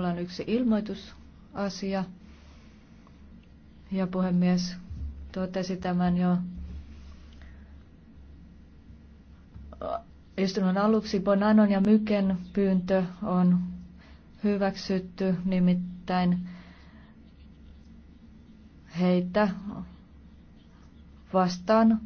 Mulla on yksi ilmoitusasia. Ja puhemies totesi tämän jo istunnon aluksi. Bonanon ja Myken pyyntö on hyväksytty, nimittäin heitä vastaan